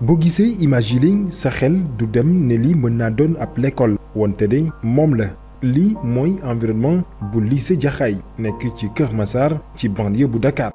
boo gisee image yi liñ sa xel du dem ne lii mën naa doon ab lekkool wante de moom la lii mooy environnement bu lycée Jaxaay nekk ci Kër Massar ci banlieue bu Dakar.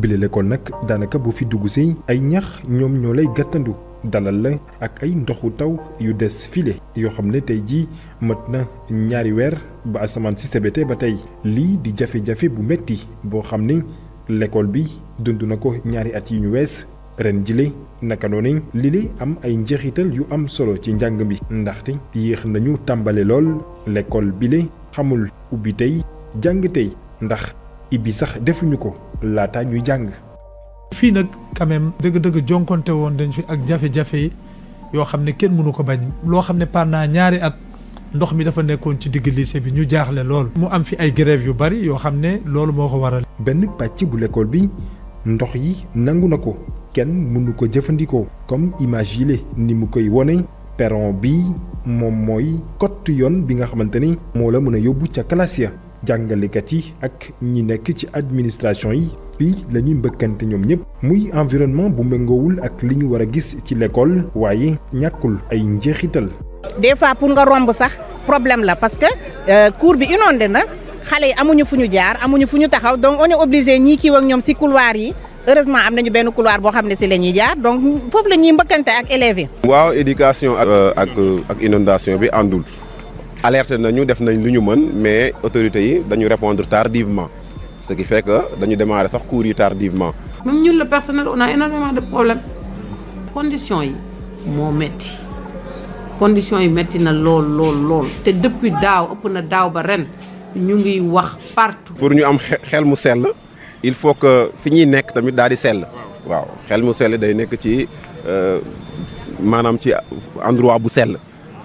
bile l'école nag daanaka bu fi dugg si ay ñax ñoom ñoo lay gàttandu. dalal la ak ay ndoxu taw yu des file yoo xam ne tey jii mat na ñaari weer ba asamaan si sebete ba tey lii di jafe-jafe bu metti boo xam ne lekkool bi dund na ko ñaari at yu ñu wees ren jile naka noonu li am ay njeexital yu am solo ci njàng bi ndaxte yéex nañu tàmbale lool l'école bile xamul ubbi tey jàng tey ndax ibbi sax defuñu ko laata ñuy jàng fii nag quand même dëgg-dëgg jonkonte woon dañ fi ak jafe-jafe yi yoo xam ne kenn mënu ko bañ loo xam ne pendant ñaari at ndox mi dafa nekkoon ci digg lycée bi ñu jaaxle lool. mu am fi ay grève yu bari yoo xam ne loolu moo ko waral. benn pàcc bu lekkool bi ndox yi nangu na ko kenn mënu ko jëfandikoo comme image yi ni mu koy wone perron bi moom mooy kott yoon bi nga xamante ni moo la mën a yóbbu ca classe ya jàngalekat yi ak ñi nekk ci administration yi. noppi la ñuy mbëkkante ñoom ñëpp muy environnement bu méngoowul ak li ñu war a gis ci l'école waaye ñàkkul ay njeexital. des fois pour nga romb sax problème la parce que euh, cour bi inondé na xale yi amuñu fu ñu jaar amuñu fu ñu taxaw donc on est ñii kiiw ak ñoom ci couloir yi. heureusement am nañu benn couloir boo xam ne ci la ñuy jaar donc foofu la ñuy mbëkkante ak élèves yi. waaw éducation ak euh, ak ak inondation bi àndul alerte nañu def nañ lu ñu mën mais autorités yi dañu répondre tardivement. ce qui fait que dañu démarrer sax cours yi tardivement. même ñun la personnel on a énormément de problèmes. conditions yi moo metti conditions yi metti na lool lool lool te depuis daaw ëpp na daaw ba ren ñu ngi wax partout. pour ñu am xel mu sell il faut que fi ñuy nekk tamit daal di sell. waaw xel mu sell day nekk ci euh, maanaam ci endroit bu sell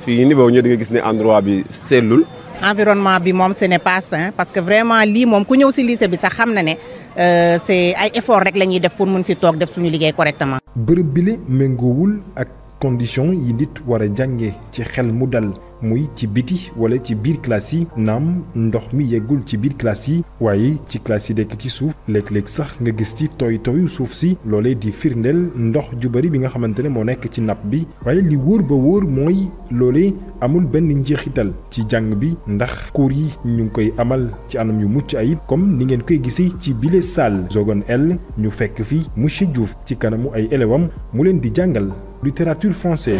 fii ni boobu ñëw di nga gis ne endroit bi sellul. environnement bi moom ce n'est pas sain parce que vraiment lii moom ku ñëw ci lycée bi sa xam na ne euh, c'est ay effort rek lañuy def pour mun fi toog def suñu liggéey correctement. bërëb bile méngoowul ak condition yi nit war a jànge ci xel mu dal. muy ci biti wala ci biir classe yi naam ndox mi yeggul ci biir classe yi waaye ci classe yi dekk ci suuf léeg-léeg sax nga gis ci tooy tooyu suuf si loole di firndeel ndox ju bari bi nga xamante ne moo nekk ci napp bi waaye li wóor ba wóor mooy loole amul benn njeexital ci jàng bi ndax cours yi ñu ngi koy amal ci anam yu mucc ayib comme ni ngeen koy gisee ci bile salle zogon L ñu fekk fi monsieur Diouf ci kanamu ay élèves mu leen di jàngal littérature française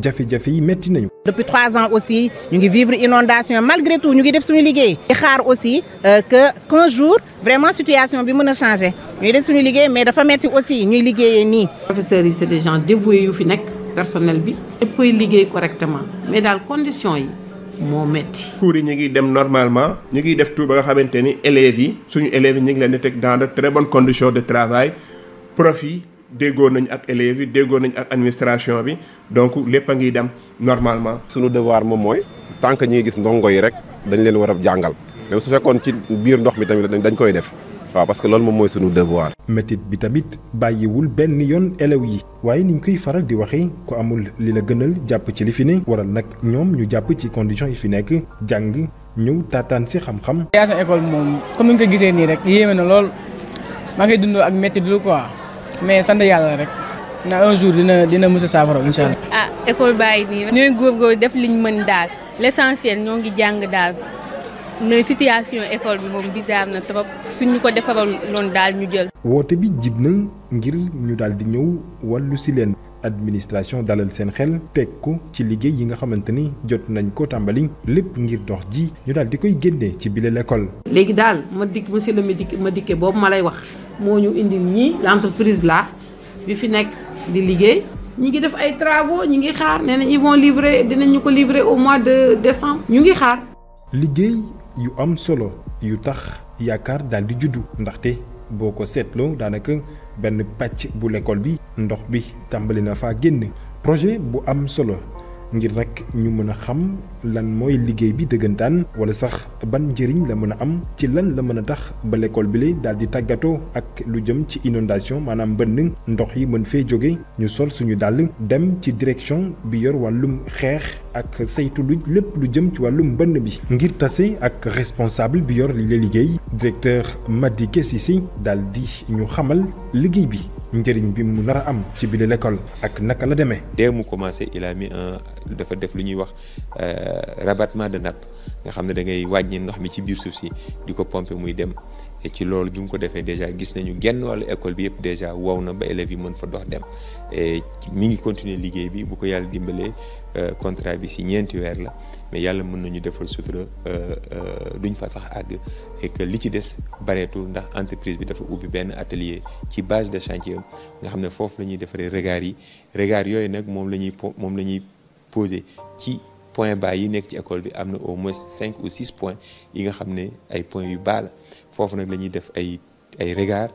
jafe-jafe yi métti nañu. depuis trois ans aussi ñu ngi vivre inondation malgré tout ñu ngi def suñu liggéey. di aussi euh, que qu'un jour vraiment situation bi mën a changé ñuy def suñu liggéey mais dafa métti aussi ñuy liggéeyee nii. professeurs yi c'est des gens dévoués yu fi nekk personnel bi. ñëppay liggéey correctement mais daal conditions yi. moo métti. cours yi ñu ngi dem normalement ñu ngi def tout ba nga xamante ni élèves yi suñu élèves yi ñu ngi leen di teg dans de très bonnes conditions de travail profit déggoon nañu ak élèves yi déggoo nañ ak administration bi donc lépp a ngi dem normalement. sunu devoir moom mooy tant que ñuy gis ndongo yi rek dañ leen war a jàngal même su fekkoon ci biir ndox mi tamit dañ koy def waaw parce que loolu moom mooy sunu devoir. métit bi tamit bàyyiwul benn yoon élèves yi. waaye niñ koy faral di waxe ku amul li la gënal jàpp ci li fi ne waral nag ñoom ñu jàpp ci condition yi fi nekk jàng ñëw taataan si xam-xam. situation école moom comme ko gisee nii rek yéeme na lool maa ngi dund ak métit lu quoi. mais sant yàlla rek na un jour dina dina mës a saafara incha allah. ah école bàyyi nii ñooy góorgóorlu def liñ mën daal l' ñoo ngi jàng daal mais situation école bi moom bizarre na trop ñu ko defaral loon daal ñu jël. woote bi jib na ngir ñu daal di ñëw wàllu si leen. administration dalal seen xel teg ko ci liggéey yi nga xamante ni jot nañ ko tàmbali lépp ngir dox ji ñu daal di koy génnee ci bile lekkool léegi daal ma dikk monsieur le médic ma dikke boobu ma lay wax moo ñu indi ñii l'entreprise la bi fi nekk di liggéey. ñi ngi def ay travaux ñi ngi xaar nee na ils vont livrer dinañu ko livrer au mois de décembre. ñu ngi xaar. liggéey yu am solo yu tax yaakaar daal di juddu ndaxte boo ko seetloo daanaka. benn pàcc bu lekkool bi ndox bi tàmbali na faa génn projet bu am solo ngir nag ñu mën a xam lan mooy liggéey bi dëggantaan wala sax ban njëriñ la mën a am ci lan la mën a tax ba lekkool bi la daal di tàggatoo ak lu jëm ci inondation maanaam mbënn ndox yi mën fee jóge ñu sol suñu dàll dem ci direction bi yor wàllum xeex ak saytu lu lépp lu jëm ci wàllum mbënn bi ngir tase ak responsable bi yor li la liggéey directeur Madické Cissé daal di ñu xamal liggéey bi njëriñ bi mu nar a am ci biir l'école ak naka la demee. de mu commencé il a mis un dafa def lu ñuy wax euh, rabattement de nappe nga xam ne dangay ngay wàññi ndox mi ci biir suuf si di ko pomper muy dem ci loolu bi mu ko defee déjà gis nañu genn wàllu école bi yëpp déjà wow na ba élèves yi mën fa dox dem et ngi continuer liggéey bi bu ko yàlla dimbalee. Euh, contrat bi si ñeenti weer la mais yàlla mën nañu defal sutura euh, euh, duñ fa sax àgg et li ci des bareetul ndax entreprise bi dafa ubbi benn atelier ci base de chantier nga xam ne foofu la ñuy defaree regard yi regard yooyu nag moom la ñuy moom la ñuy posé ci point bas yi nekk ci école bi am na au moins cinq ou six points yi nga xam ne ay point yu baax foofu nag la ñuy def ay ay regard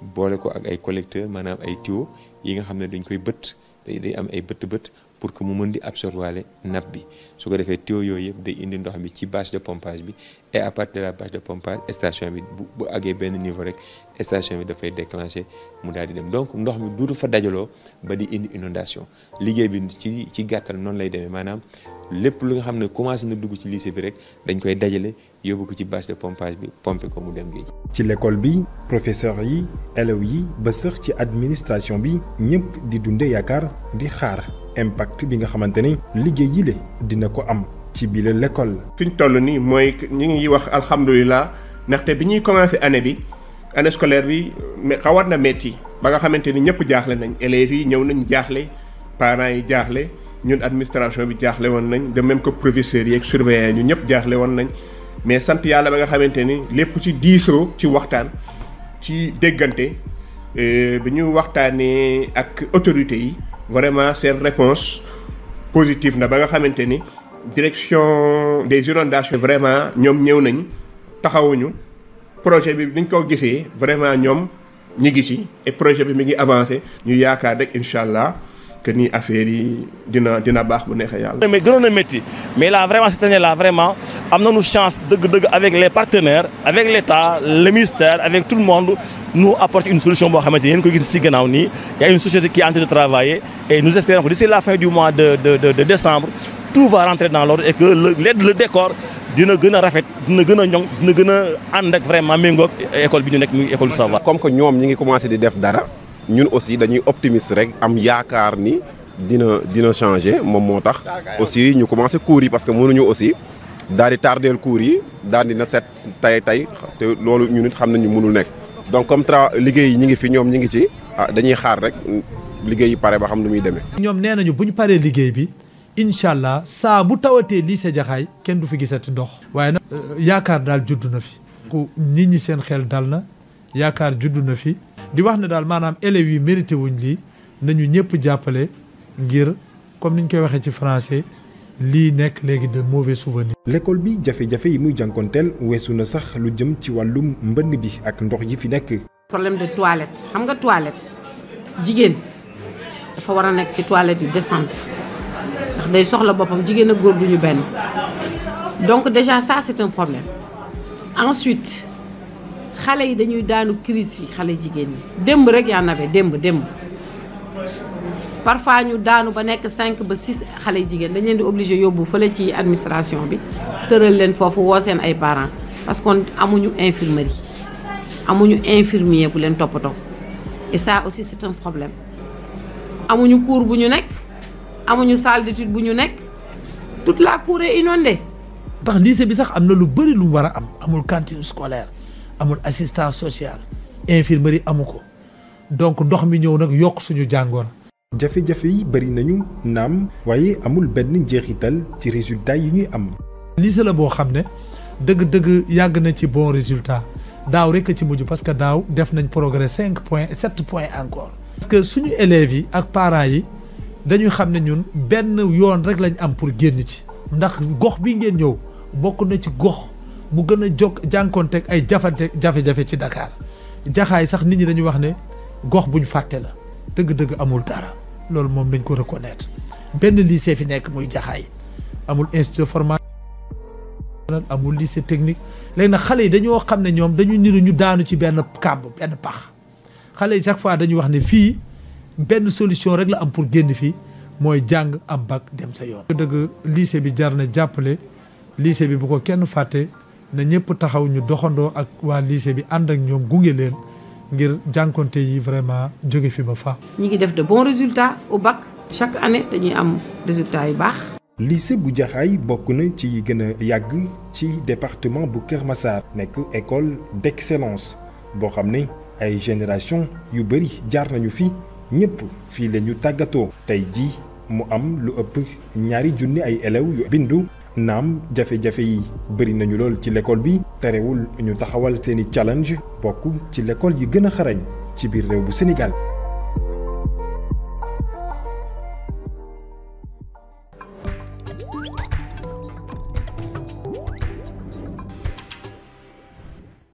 boole ko ak ay collecteur maanaam ay tuyaux yi nga xam ne dañ koy bëtt day am ay bëtt bëtt pour que mu mën di absorber nappe bi su ko defee tuyau yooyu yëpp day indi ndox mi ci bâche de pompage bi et à partir de la bâche de pompage station bi bu bu àggee benn niveau rek station bi dafay déclencher mu daal di dem donc ndox mi duutu fa dajaloo ba di indi inondation liggéey bi ci ci gàttal noonu lay demee maanaam lépp lu nga xam ne commencé na dugg ci lycée bi rek dañ koy dajale yóbbu ko ci bâche de pompage bi pomper ko mu dem géej. ci l'école bi professeur yi élèves yi ba sax ci administration bi ñëpp di dunde yaakaar di xaar. impact bi nga xamante ni liggéey yile dina ko am ci biir l'école. fi ñu toll nii mooy ñu ngi wax alhamdulilah ndaxte bi ñuy commencé année bi année scolaire bi xawoon na métti ba nga xamante ni ñëpp jaaxle nañ élèves yi ñëw nañ jaaxle parents yi jaaxle ñun administration bi jaaxle woon nañ de même que professeurs yi ak surveillants yi ñun ñëpp jaaxle woon nañ mais sant yàlla ba nga xamante ni lépp ci diisoo ci waxtaan ci déggante euh, bi ñu waxtaanee ak autorités yi. vraiment seen réponse positive na ba nga xamante ni direction des inondations vraiment ñoom ñëw nañu taxawuñu projet bi niñ ko gisee vraiment ñoom ñi ngi ci et projet bi mi ngi avancé ñu yaakaar rek incha allah que ni affaire yi dina dina baax bu neexee yàlla. mais gënoon a mais là vraiment cette année là vraiment am nañu chance dëgg-dëgg avec les partenaires avec l' état le ministère avec tout le monde nous apporter une solution boo xamante ni yéen koy gis si gannaaw nii y a une société qui est en train e travailler et nous espérons que la fin du mois de de décembre tout va rentrer dans l'ordre et que le décor dina gën a rafet dina gën a ñoŋ dina gën a ànd ak vraiment méngoog école bi ñu nekk comme que ñoom ñi ngi commencé di def dara. ñun aussi dañuy optimiste rek am yaakaar ni dina dina changer moom moo tax aussi ñu commencé cours yi parce que mënuñu aussi daal di taar tardeel cours yi daal di na set tey tey te loolu ñun it xam nañu mënul nekk donc comme tra liggéey yi ngi fi ñoom ñi ngi ci ah dañuy xaar rek liggéey pare ba xam nu muy demee. ñoom nee nañu bu ñu paree liggéey bi incha allah saa bu tawatee lycée Jaxaay kenn du fi gisati ndox. waaye nag euh, yaakaar daal juddu na fi. ku nit ñi seen xel dal na yaakaar juddu na fi. di wax na daal maanaam élèves yi mérité wuñ lii nañu ñëpp jàppale ngir comme niñ koy waxee ci français lii nekk léegi de mauvais souvenirs. lekkool bi jafe-jafe yi muy jànkonteel weesu na sax lu jëm ci wàllu mbënn bi ak ndox yi fi nekk. problème de toilette xam nga toilette jigéen dafa war a nekk ci toilette yu décente ndax day soxla boppam jigéen a góor duñu benn donc déjà ça c'est un problème ensuite. xale yi dañuy daanu crise fi xale jigéen ñi démb rek yaa nawe démb démb parfois ñu daanu ba nekk 5 ba 6 xale yi jigéen dañ leen di obligé yóbbu fële ci administration bi tëral leen foofu woo seen ay parents parce que amuñu infirmerie amuñu infirmier bu leen toppatoo et ça aussi c'est un problème amuñu cours bu ñu nekk amuñu salle d'étude bu ñu nekk toute la cour est inondée. tax lycée bi sax am na lu bëri lu mu war a am amul cantine scolaire. amul assistance sociale infirmerie amu ko donc ndox mi ñëw nag yokk suñu jàngoon. jafe-jafe yi bëri nañu naam waaye amul benn njeexital ci résultat yi ñuy am. lycée la boo xam ne dëgg-dëgg yàgg na ci bon résultat daaw rek ci mujj parce que daaw def nañ progrès cinq points sept points encore. parce que suñu élèves yi ak parents yi dañu xam ne ñun benn yoon rek lañ am pour génn ci ndax gox bi ngeen ñëw bokk na ci gox. bu gën a jog jànkoonteeg ay jafante jafe-jafe ci Dakar jaxaay sax nit ñi dañuy wax ne gox buñ fàtte la dëgg-dëgg amul dara loolu moom dañ ko reconnaître benn lycée fi nekk muy jaxaay amul institut de formation amul lycée technique léegi nag xale yi dañoo xam ne ñoom dañu niru ñu daanu ci benn kàmb benn pax xale yi chaque fois dañuy wax ne fii benn solution rek la am pour génn fii mooy jàng am bac dem sa yoon. dëgg lycée bi jar na jàppale lycée bi bu ko kenn fàtte. na ñëpp taxaw ñu doxandoo ak waa lycée bi ànd ak ñoom gunge leen ngir jànkonte yi vraiment jóge fi ba fa ñi ngi def de bons résultat au bac chaque année dañuy am résultats yu baax. lycée bu Jaxaay bokk na ci yi gën a yàgg ci département bu Kër Massar nekk école d'excellence boo xam ne ay génération yu bëri jaar nañu fi ñëpp fii la ñu tàggatoo tey ji mu am lu ëpp ñaari junni ay élèves yu bindu. naam jafe-jafe yi bëri nañu lool ci lekkool bi terewul ñu taxawal seeni challenge bokk ci lekkool yi gën a xarañ ci biir réew bu Sénégal